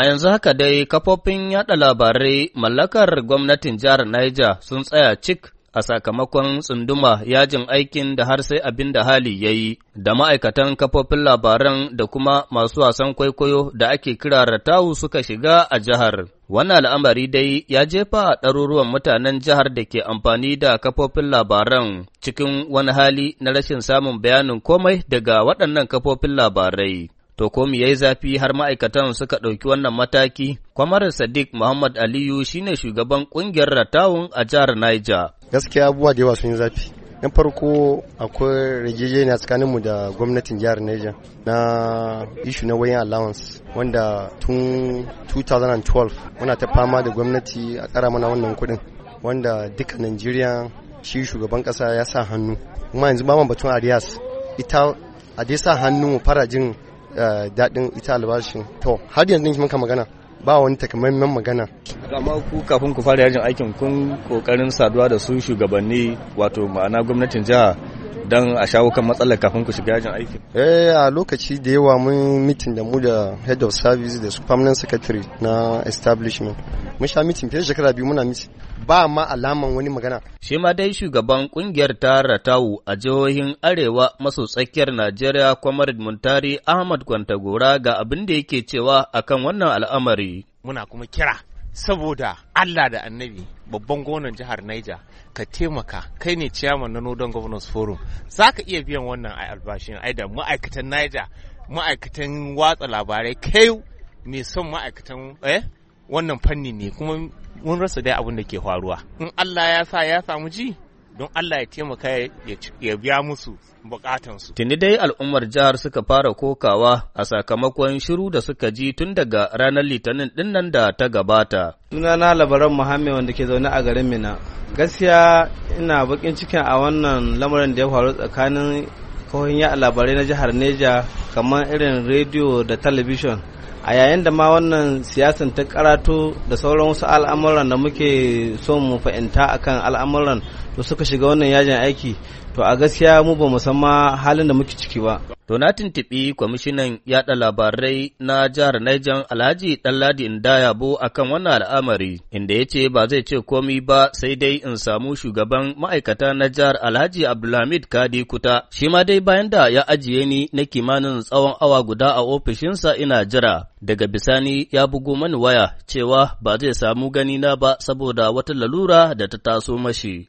A yanzu haka dai kafofin yaɗa labarai mallakar gwamnatin jihar Niger sun tsaya cik a sakamakon tsunduma yajin aikin da har sai abin da hali ya yi, da ma'aikatan kafofin labaran da kuma masu wasan kwaikwayo da ake kira ratawu suka shiga a jihar. Wani al'amari dai ya jefa a ɗaruruwan mutanen jihar da ke amfani da kafofin labaran cikin wani hali na rashin samun bayanin komai daga waɗannan kafofin labarai. To ko yayi zafi har ma'aikatan suka ɗauki wannan mataki? Kwamar Sadiq Muhammad Aliyu shine shugaban ƙungiyar Ratawun a jihar Niger. Gaskiya abubuwa da yawa sun yi zafi. Na farko akwai rigijeniya tsakaninmu da gwamnatin jihar Niger na ishu na wayan allowance wanda tun 2012 muna ta fama da gwamnati a tsara mana wannan kuɗin wanda duka Najeriya shi shugaban kasa ya sa hannu. Kuma yanzu ba batun Arias ita a dai sa hannu mu fara jin Eh, daɗin ita albashin to har yanzu muka magana ba wani takamaiman magana. Amma ku kafin ku fara yajin aikin kun kokarin saduwa da su shugabanni wato ma'ana gwamnatin jiha don a shawo kan matsalar kafin ku shiga yajin aikin. Eh a lokaci da yawa mun mitin da mu da head of service da su permanent secretary na establishment. mun sha mitin fiye shekara biyu muna mitin ba ma alaman wani magana. Shi ma dai shugaban kungiyar tara tawu a jihohin Arewa maso tsakiyar Najeriya Kwamar Muntari Ahmad Kwantagora ga abin da yake cewa akan wannan al'amari. Muna kuma kira saboda Allah da annabi babban gonan jihar Niger ka taimaka kai ne ciyaman na Nodon Governors Forum za ka iya biyan wannan a albashin aida ma'aikatan Niger ma'aikatan watsa labarai kai mai son ma'aikatan eh wannan fanni ne kuma mun rasa dai abin da ke faruwa in Allah ya sa ya samu ji don Allah ya taimaka ya biya musu bukatansu. Tuni dai al'ummar jihar suka fara kokawa a sakamakon shiru da suka ji tun daga ranar litinin dinnan da ta gabata. Sunana labaran Muhammad wanda ke zaune a garin Mina. Gaskiya ina bakin cikin a wannan lamarin da ya faru tsakanin kawai ya labarai na jihar Neja kamar irin rediyo da talabijin. a yayin da ma wannan siyasan ta karatu da sauran wasu al'amuran da muke so mu fahimta akan al'amuran to suka shiga wannan yajin aiki to a gaskiya mu ba musamma halin da muke ciki ba. To na tuntuɓi kwamishinan yaɗa labarai na jihar Niger Alhaji Ɗanladi Indayabo a akan wannan al'amari inda ya ce ba zai ce komi ba sai dai in samu shugaban ma'aikata na jihar Alhaji Abdulhamid Kadi Kuta shi ma dai bayan da ya ajiye ni na kimanin tsawon awa guda a ofishinsa ina jira daga bisani ya bugu mani waya cewa ba zai samu ganina ba saboda wata lalura da ta taso mashi.